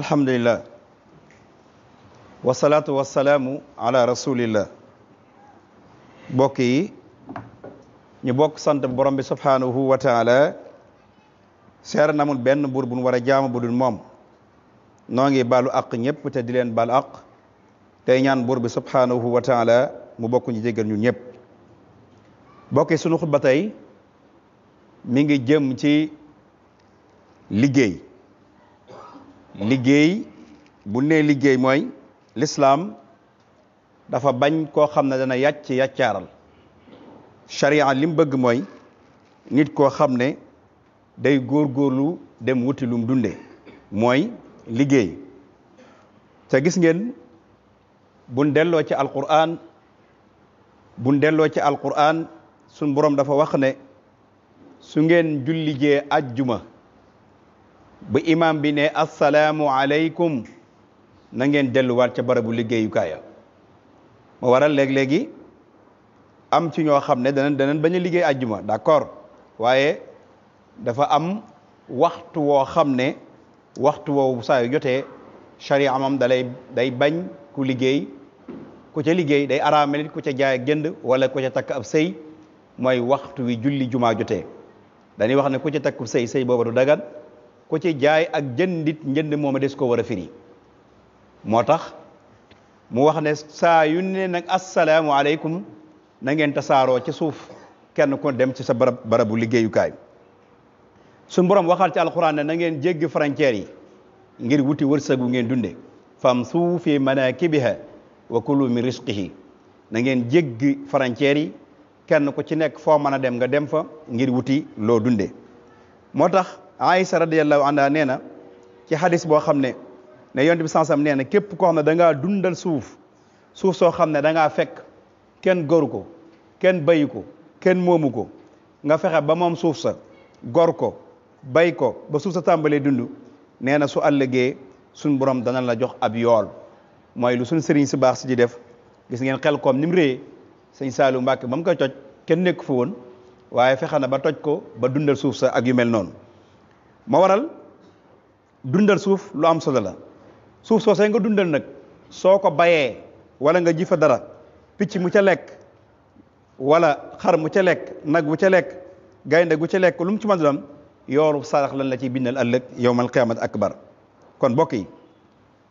alhamdulillah wasalaatu wasalaamu ala rasulillah bokk yi ñu bokk sant borom bi subhanahu wa taala seer namul benn buur buñ war a jaamu bu dul moom noo ngi baalu àq ñëpp te di leen baal tey ñaan buur bi subhanahu wa taala mu bokk ñu ñu ñëpp bokki yi sunu xutba tey mi ngi jëm ci liggéey liggéey bu ne liggéey mooy lislaam dafa bañ koo xam ne dana yàcc yàccaaral sharia li mu bëgg mooy nit koo xam ne day góor góorlu dem wuti lum dunde mooy liggéey te gis ngeen bun delloo ci alquran bun delloo ci alquran su borom dafa wax ne su ngeen jullijee ajjuma bu imam bi ne assalaamu aleykum na ngeen delluwaat ca barabu liggéeyukaaya ma waral léeg-léegi am ci ñoo xam ne danañ danañ bañ a liggéey àjjuma d'accord waaye dafa am waxtu woo xam ne waxtu woowu saa yu jotee sharia moom dalay day bañ ku liggéey ku ca liggéey day araamelit ku ca jaay ak jënd wala ku ca takk ab sey mooy waxtu wi julli jumaa jotee dañuy wax ne ku ca takku sëy sëy booba du dagan ko ci jaay ak jëndit njënd mooma des ko wara firi moo tax mu wax ne saa yu ne nag assalaamu aleykum na ngeen tasaaroo ci suuf kenn ko dem ci sa barab barabu liggéeyukaay suñu borom waxaat ci alxuraan na ngeen jéggi frontières yi ngir wuti wërsëgu ngeen dunde famsu fi manakibiha wa kulu min risqihi na ngeen jéggi frontières yi kenn ku ci nekk foo mën a dem nga dem fa ngir wuti loo dunde moo tax sara Aïsa radiyallahu anha nee na ci hadis boo xam ne ne yonent bi sansam nee na képp koo xam ne da ngaa dundal suuf suuf soo xam ne da ngaa fekk kenn goru ko kenn bayu ko kenn moomu ko nga fexe ba moom suuf sa gor ko bay ko ba suuf sa tàmbalee dund nee na su àllëgee suñ borom dana la jox ab yool mooy lu suñ sëriñ si baax si di def gis ngeen xel koom ni mu réyee sëñ Saalu Mbàkke ba mu toj kenn nekk fa woon waaye fexe na ba toj ko ba dundal suuf sa ak yu noonu ma waral dundal suuf lu am solo la suuf soo soosee nga dundal nag soo ko bayee walla nga ji fa dara picc mu ca lekk wala xar mu ca lekk nag wu ca lekk gaynde gu ca lekk lu mu ci mën doon yoolu sarax lan la ciy bindal ëllëg yowmal qiyaamat akbar kon bokk yi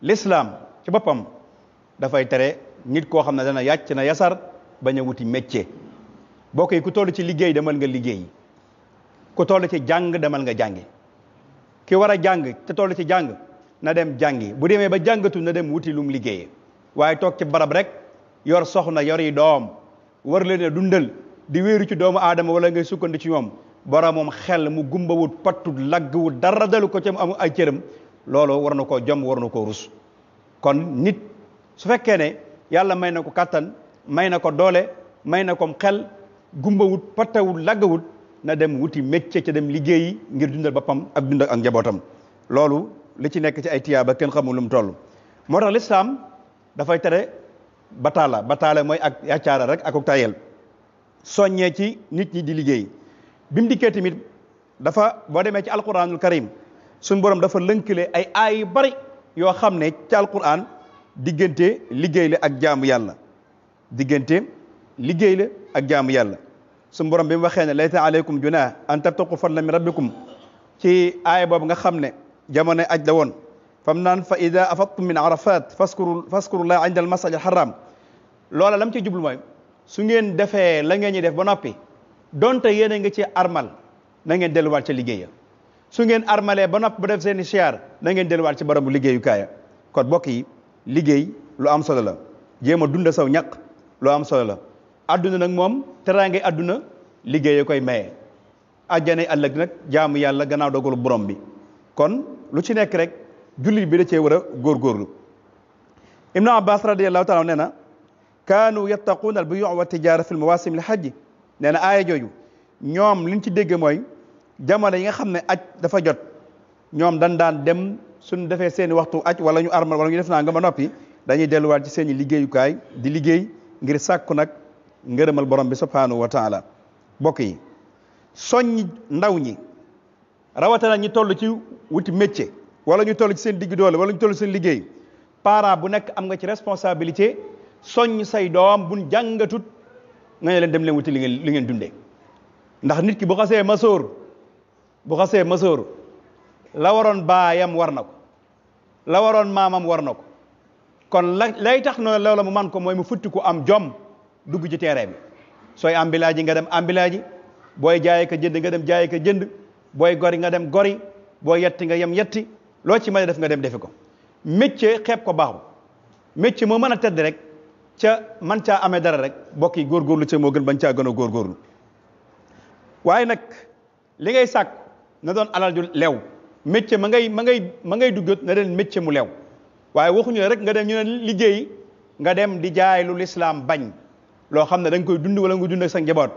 lislaam ci boppam dafay tere nit koo xam ne dana yàcc na yasar bañ a wuti métier bokk ku toll ci liggéey demal nga liggéey ku toll ci jàng demal nga jàngi ki war a jàng te toll ci jàng na dem jàngi bu demee ba jàngatu na dem wuti lum liggéeyee waaye toog ci barab rek yor soxna yor yi doom war leen a dundal di wéeru ci doomu aadama wala ngay sukkandi ci ñoom borom moom xel mu gumbawut pattut lagguwut dara dalu ko ci mu ay cëram loolu war na koo jom war na koo rus kon nit su fekkee ne yàlla may na ko kàttan may na ko doole may na ko xel gumbawut pattawut laggawut na dem wuti métier ca dem liggéeyi ngir dundal boppam ak dundal ak njabootam loolu li ci nekk ci ay tiyaaba kenn xamul lu mu toll moo tax lislaam dafay tere bataala bataala mooy ak yaccaara rek akuk tayel soññee ci nit ñi di liggéey bi mu dikkee tamit dafa boo demee ci alquranul karim suñu borom dafa lënkale ay aay bari yoo xam ne ci alquran diggante liggéey la ak jaamu yàlla diggante liggéey la ak jaamu yàlla su borom bi mu waxee ne laysa aleykum junah an tabtaqu la min rabbikum ci aaya boobu nga xam ne jamono aj la woon fam naan fa ida afadtum min arafat faskuru faskurullaha inda al masjid al haram loola lam ci jublu mooy su ngeen defee la ngeen ñuy def ba noppi donte yéen a nga ci armal na ngeen delluwaat ci liggéeya su ngeen armalee ba noppi ba def seeni siyaar na ngeen delluwaat ci barabu liggéeyukaaya kon bokk yi liggéey loo am solo la jéem a dunda saw ñaq lu am solo la àdduna nag moom teraange àdduna liggéey koy maye àjjanay ëllëg nag jaamu yàlla gannaaw dogalu borom bi kon lu ci nekk rek jullit bi da cee war a góorgóorlu ibnu abbas radiallahu taala nee na kaanu yattaquuna al buyuu wa tijaara fi l mawaasim al hajj nee na aaya jooju ñoom liñ ci dégg mooy jamono yi nga xam ne aj dafa jot ñoom dan daan dem suñ defee seeni waxtu aj wala ñu armal wala ñu def naa nga ma noppi dañuy delluwaat ci seeni liggéeyukaay di liggéey ngir sàkku nag ngërëmal borom bi subhaanahu wa taala bokk yi soññ ndaw ñi rawatina ñi toll ci wuti métier wala ñu toll ci seen digg doole wala ñu tollu seen liggéey parent bu nekk am nga ci responsabilité soññ say doom buñ jàngatut nga ne leen dem leen wuti li ngeen li ngeen dundee ndax nit ki bu xasee masóor bu xasee masóor la waroon baayam war na ko la waroon maamam war na ko kon la lay tax noonu loola mu man ko mooy mu futti ku am jom dugg ci terrain bi sooy ambilaaji nga dem ambilaaji booy jaay ka jënd nga dem jaay ka jënd booy gori nga dem gori booy yetti nga yem yetti loo ci mën a def nga dem defi ko métier xeeb ko baaxul métier moo mën a tedd rek ca man caa amee dara rek bokk yi góorgóorlu ca moo gën bañ caa gën a góorgóorlu waaye nag li ngay sàkk na doon alal ju leew métier ma ngay ma ngay ma ngay duggat na doon métier mu lew waaye waxuñu rek nga dem ñu ne liggéey nga dem di jaay lu lislaam bañ loo xam ne da nga koy dund wala nga dund ak sa njaboot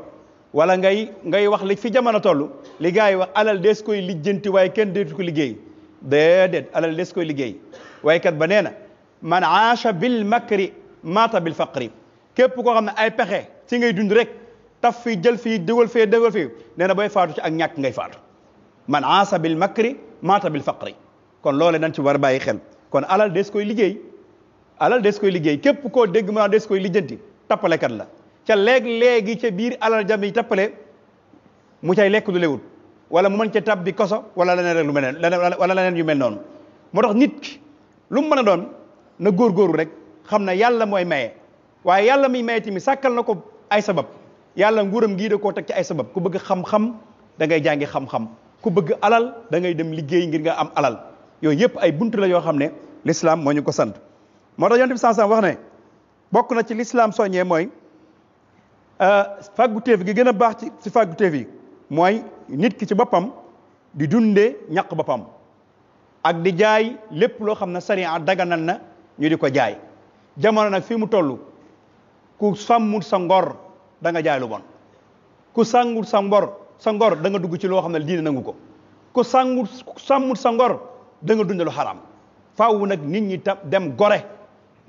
wala ngay ngay wax li fi jamono toll li gars yi wax alal des koy lijjanti waaye kenn deetu ko liggéey déedéet alal des koy liggéey waaye kat ba nee na man aasha bil makri maata bil faqri képp koo xam ne ay pexe ci ngay dund rek taf fii jël fii dugal fee dugal fii nee na booy faatu ci ak ñàkk ngay faatu man aasha bil makri maata bil faqri kon loole dañ ci war a bàyyi xel kon alal des koy liggéey alal des koy liggéey képp koo dégg ma des koy lijjanti tappalekat la ca léeg-léegi ca biir alal jam yi tappale mu cay lekk lu lewut wala mu mën ca tab bi koso wala leneen rek lu mel ne wala leneen yu mel noonu moo tax nit ki lu mu mën a doon na góor góoru rek xam ne yàlla mooy maye waaye yàlla muy maye tamit sàkkal na ko ay sabab yàlla nguuram gii da koo teg ci ay sabab ku bëgg xam-xam dangay ngay jàngi xam-xam ku bëgg alal da ngay dem liggéey ngir nga am alal yooyu yëpp ay bunt la yoo xam ne l'islam moo ñu ko sant moo tax yonent bi sallallahu wax ne bokk na ci lislaam soññee mooy euh, fàgguteef gi gën a baax ci si fàgguteef yi mooy nit ki ci boppam di dundee ñaq boppam ak di jaay lépp loo xam ne sariya daganal na ñu di ko jaay jamono nag fii mu tollu ku sàmmul sa ngor danga nga jaay lu bon ku sàmmul sa ngor sa ngor da dugg ci loo xam ne diine nangu ko ku sàmmul sàmmul sa ngor da nga dund lu xaraam faaw nag nit ñi tam dem gore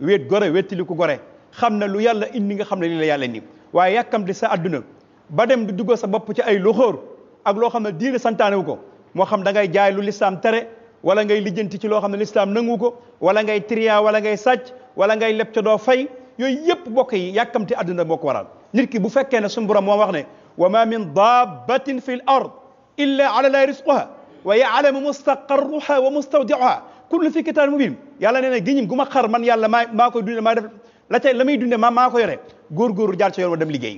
wéet gore wéttili ku gore xam na lu yàlla indi nga xam ne li la yàlla ni waaye yàkkamti sa adduna ba dem di dugg sa bopp ci ay loxoor ak loo xam ne diine santaane wu ko moo xam da ngay jaay lu lislaam tere wala ngay lijjanti ci loo xam ne lislaam nangu ko wala ngay triya wala ngay sàcc wala ngay leb ca doo fay yooyu yëpp bokk yi yàkkamti adduna boo ko waral nit ki bu fekkee ne suñu borom moo wax ne wa ma min dabbatin fi l ard illa ala laahi risquha wa yaalamu mustaqarruha wa mustawdiaha kullu fi kitaab mubin yàlla nee na giñim gu ma xar man yàlla maa maa koy dundee la tey la may dunde ma maa ko yore góor-góor jaar ca yoon dem liggéey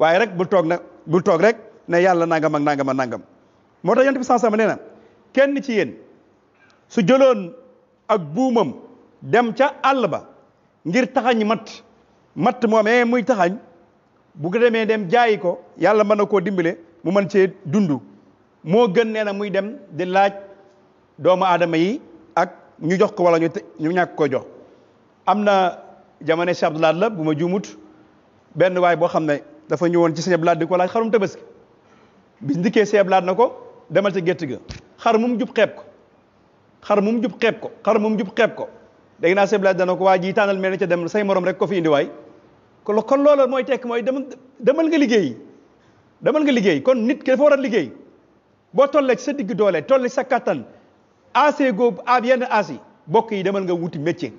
waaye rek bul toog nag bul toog rek ne yàlla nangam ak nangam ak moo tax yonent bi sansama nee na kenn ci yéen su jëloon ak buumam dem ca àll ba ngir taxañ matt matt moomee muy taxañ bu ko demee dem jaayi ko yàlla mën na koo dimbale mu mën cee dund moo gën nee na muy dem di laaj doomu aadama yi ak ñu jox ko wala ñu ñu ñàkk ko jox am na jamono si Abdou la bu ma jumut benn waay boo xam ne dafa ñëwoon ci sëñ Abdou di ko laaj xarum tabaski biñ dikkee sëñ Abdou Lahad na ko demal ci gétt ga xar mu jub xeeb ko xar mu jub xeeb ko xar mu jub xeeb ko dégg naa sëñ Abdou dana ko waa ji tànnal mel ne ca dem say morom rek ko fi indi waay kon kon loola mooy tekk mooy demal demal nga liggéey demal nga liggéey kon nit ke dafa war a liggéey boo tolleek sa digg doole tollee sa kattan aase googu ab yenn aas yi yi demal nga wuti métier.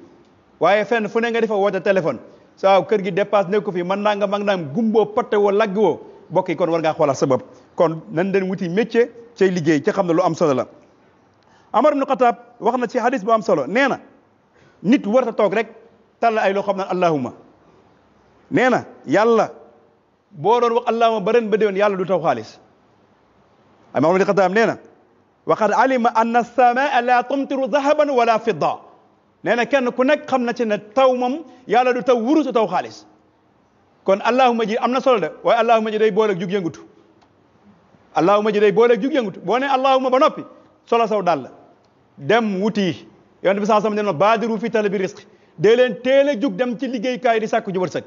waaye fenn fu ne nga defa woote téléphone saa kër gi dépasse nekku fi man nangam ak nangam gumboo patte woo lagg woo bokk yi kon war ngaa xoolal sa bopp kon nan den wuti métier cay liggéey ca xam na lu am solo la Amar na Xataab wax na ci hadis bu am solo nee na nit warta toog rek tàll ay loo xam naan allahuma nee na yàlla boo doon wax allahuma ba ren ba déwén yàlla du taw xaalis Amar ibn Xataab nee na waqad alima anna samaa la tumtiru dahaban wala nee na kenn ku nekk xam na ci ne taw moom yàlla du taw wurus du taw xaalis kon allahuma ji am na solo de waaye allahuma ji day booleeg jug yëngutu allahuma ji day booleeg jug yëngutu boo ne allahuma ba noppi solo saw dal dem wuti yonent bi saa sama ne baadiru fi talabi risq dee leen teel a jug dem ci liggéeykaay di sàkku ju wërsëg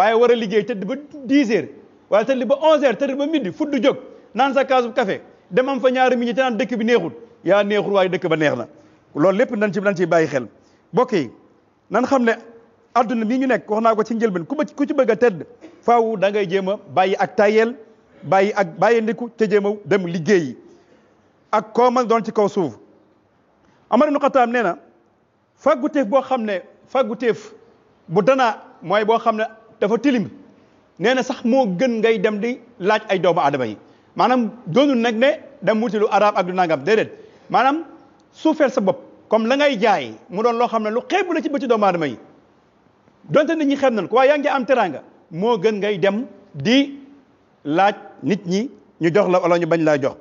waaye war liggéey tëdd ba 10 heures waaye ba 11 heures tëdd ba midi fudd jóg naan sa kaasu café dem am fa ñaari minutes te naan dëkk bi neexul yaa neexul waaye dëkk ba neex na loolu lépp dañ ci dañ ciy bàyyi xel mbokk yi nan xam ne adduna mii ñu nekk wax naa ko ci njëlbeen ku ku ci bëgg a tedd faaw da ngay jéem a bàyyi ak tayel bàyyi ak bàyyi ndiku te jéem a ak koo ci kaw suuf Amar ibn Xattaab nee na fàgguteef boo xam ne fàgguteef bu danaa mooy boo xam ne dafa tilim nee na sax moo gën ngay dem di laaj ay doomu adama yi maanaam doonul nag ne dem wuti lu araab ak lu nangam déedéet maanaam suufeel sa bopp comme la ngay jaay mu doon loo xam ne lu xeebu la ci bëti doomu aadama yi donte nit ñi xeeb nañ ko waaye am teraanga moo gën ngay dem di laaj nit ñi ñu jox la wala ñu bañ laa jox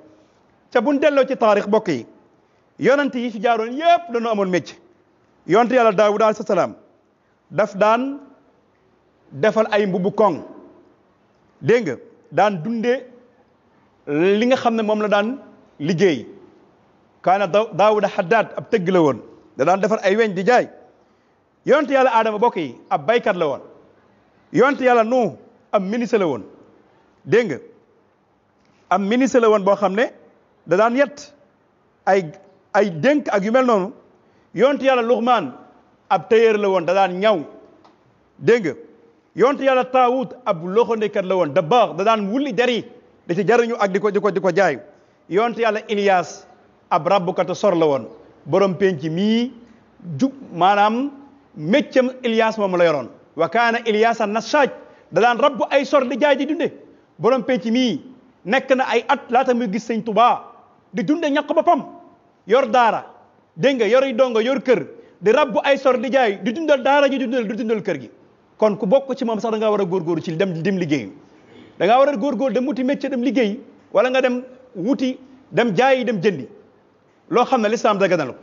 ca buñ delloo ci taarix bokk yi yonent yi fi jaaroon yépp dañoo amoon métier yonent yàlla daawud alayhi salaam daf daan defal ay mbubu koŋ dégg nga daan dunde li nga xam ne moom la daan liggéey kaana daawuda haddaad ab tëgg la woon da daan defar ay weñ di jaay yonent yàlla aadama bokk yi ab baykat la woon yonent yàlla nu ab ministre la woon dégg nga ab ministre la woon boo xam ne da daan yett ay ay dénk ak yu mel noonu yonent yàlla luxmaan ab tailleur la woon da daan ñaw dégg nga yonent yàlla taawut ab loxandekat la woon da baax da daan wulli der da ci jariñu ak di ko di ko di ko jaay yonent yàlla Ilias ab rabbukatu sor la woon borom penc mii jub maanaam méccam Ilias moom la yoroon wa kaana Ilias nashaaj da daan rabbu ay sor di jaay ji dunde borom penc mii nekk na ay at laata muy gis sëñ Tuubaa di dunde ñàkk boppam yor daara dégg nga yor yi yor kër di rabbu ay sor di jaay di dundal daara ji di dundal di dundal kër gi kon ku bokk ci moom sax da ngaa war a góorgóorlu ci dem dem liggéey danga ngaa war a góorgóorlu dem wuti métier dem liggéey wala nga dem wuti dem jaayi dem jëndi loo xam ne lislaam na ko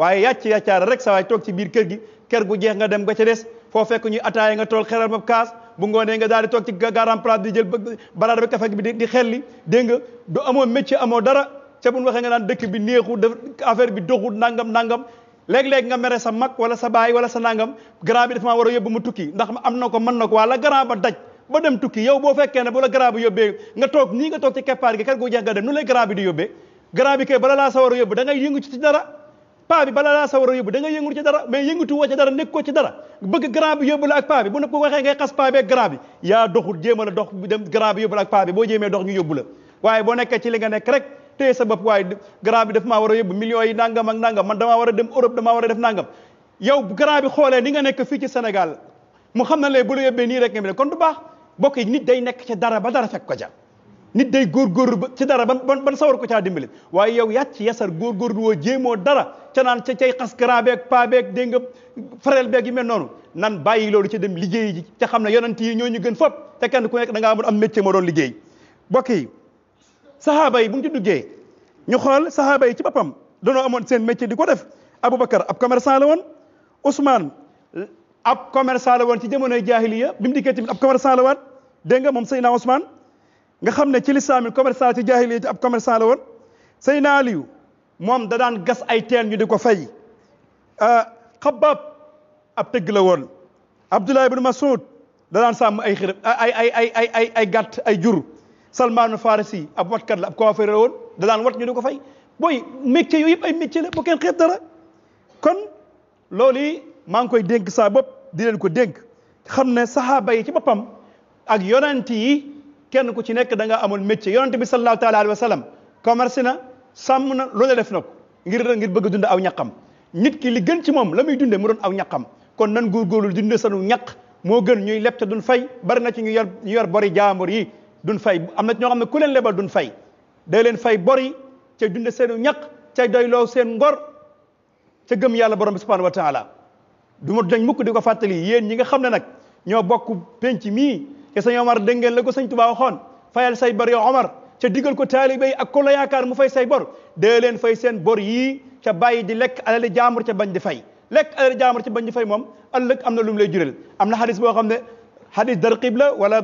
waaye yàcc yàccaar rek sa waay toog ci biir kër gi kër gu jeex nga dem ba ca des foo fekk ñuy ataaya nga tool xeral ma kaas bu ngoonee nga daal di toog ci garan place di jël baraada bi kafe bi di xelli dégg nga du amoo métier amoo dara ca bu nga naan dëkk bi neexu def affaire bi doxul nangam nangam léeg-léeg nga mere sa mag wala sa baay wala sa nangam grand bi dafa maa war a yóbbu ma tukki ndax am na ko mën na ko wala grand ba daj ba dem tukki yow boo fekkee ne bu la grand bi yóbbee nga toog nii nga toog ci keppaar gi kër gu jeex nga dem nu lay grand bi di yóbbee grand bi kay bala laa sawar a yóbbu da ci dara paa bi bala a yóbbu da ngay yëngu ci dara mais yëngutu woo ci dara nekk ko ci dara bëgg grand bi yóbbu la ak paa bi bu ne ko waxee ngay xas paa bi yaa doxul jéem a la dox dem grand bi yóbbu la ak paa boo jéemee dox ñu yóbbu la waaye boo nekkee ci li nga nekk rek téye sa waaye grand bi daf war a yóbbu millions yi nangam ak nangam man dama war a dem Europe damaa war a def nangam yow grand bi xoolee ni nga nekk fii ci Sénégal mu xam na lay bu la yóbbee nii rek nga mel kon du baax bokk nit day nekk ci dara ba dara fekk ko ja nit day góorgóorlu ba ci dara ban ban sawar ko caa dimbali waaye yow yàcc yasar góorgóorlu woo jéemoo dara ca naan ca cay xas grand beeg pa beeg dégg nga fareel beeg yi mel noonu nan bàyyi loolu ca dem liggéey ji ca xam na yonent yi ñoo ñu gën fop te kenn ku nekk da ngaa amoon am métier moo doon liggéey bokk yi sahaaba yi bu ñu ci duggee ñu xool sahaaba yi ci boppam danoo amoon seen métier di ko def Aboubacar ab commerçant la woon Ousmane ab commerçant la woon ci jamonoy jaahiliya bi mu dikkee tamit ab commerçant la waat dégg nga moom Seydina Ousmane nga xam ne ci lislaam commerçant ci jaahiliya ci ab commerçant la woon Seydina Aliyu moom dadaan gas ay teen ñu di ko fay Xabbaab euh, ab tëgg la woon Abdullah ibn Mas'ud da daan sàmm ay xërëm ay ay ay ay ay ay gàtt ay jur Salmaanu Farisi ab watkat la ab coiffeur woon da daan wat ñu di ko fay boy métier yooyu yëpp ay métier la bu kenn kon loolu yi maa ngi koy dénk saa bopp di leen ko dénk xam ne saxaaba yi ci boppam ak yonent kenn ku ci nekk da nga amoon métier yonente bi sallallahu taala alayhi wa sallam commerce na sàmm na loola def na ngir ngir bëgg a dund aw ñaqam nit ki li gën ci moom la muy dundee mu doon aw ñaqam kon nan góorgóorlu dundee sanu ñaq moo gën ñuy leb te duñ fay bari na ci ñu yor yor bori jaambur yi duñ fay am na ñoo xam ne ku leen lebal duñ fay day leen fay bori ca dunde seenu ñaq ca doyloo seen ngor ca gëm yàlla borom bi subhanahu wa taala du ma dañ mukk di ko fàttali yéen ñi nga xam ne nag ñoo bokk penc mii te sëñ Omar dégg ngeen la ko sëñ Tuubaa waxoon fayal say bor yow Omar ca digal ko taalibe yi a ku la yaakaar mu fay say bor dee leen fay seen bor yii ca bàyyi di lekk alali jaamur ca bañ di fay lekk alali jaamur bañ di fay moom ëllëg am na lu mu lay jural am na xadis boo xam ne xadis darqib la wala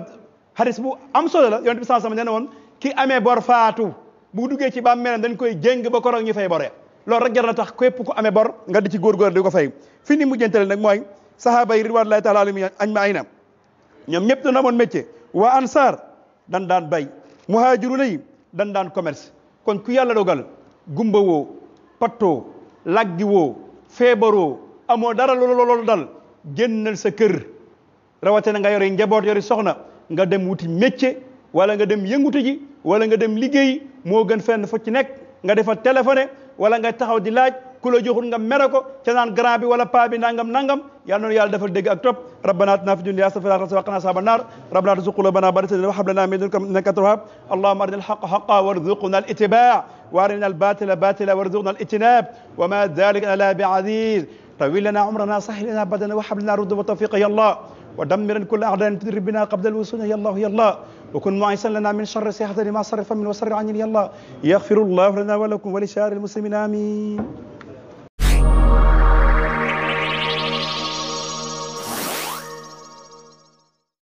xadis bu am solo la yonent bi sallallahu alayhi wasallam nee na woon ki amee bor faatu bu duggee ci bàmmeelam dañ koy jéng ba koroog ñu fay boree loolu rek jar tax képp ku amee bor nga di ci góorgóor di ko fay fi ni mujjantale nag mooy sahaaba yi añ taala alayhim ajmaina ñoom ñëpp dañu amoon métier waa ansaar dan daan bay muhaajiruna yi dan daan commerce kon ku yàlla dogal gumba woo pattoo laggi woo feebaroo amoo dara loolu loolu dal génnal sa kër rawatina nga yore njaboot yore soxna nga dem wuti métier wala nga dem yëngutu ji wala nga dem liggéey moo gën fenn fu ci nekk nga defa téléphoné wala nga taxaw di laaj ku la joxul nga mere ko ca naan grand bi wala paa bi nangam nangam yàlla noonu yàlla defal dégg ak topp rabbana atina fi dunya hasanatan wa qina adhaban nar rabbana la tuzigh qulubana ba'da idh hadaytana wa hab lana min ladunka innaka antal wahhab allahumma arina al-haqqa haqqan warzuqna al-ittiba'a wa arina al-batila batila warzuqna al-ijtinab wa ma dhalika ala bi'aziz tawil lana umrana sahhil lana badana wa hab lana rudd wa tawfiqa ya allah ودمر كل أعداء تدرب بنا قبل الوصول يا الله يا الله وكن معيسا لنا من شر سيحة لما صرف من وسر عني يا الله يغفر الله لنا ولكم ولسائر المسلمين آمين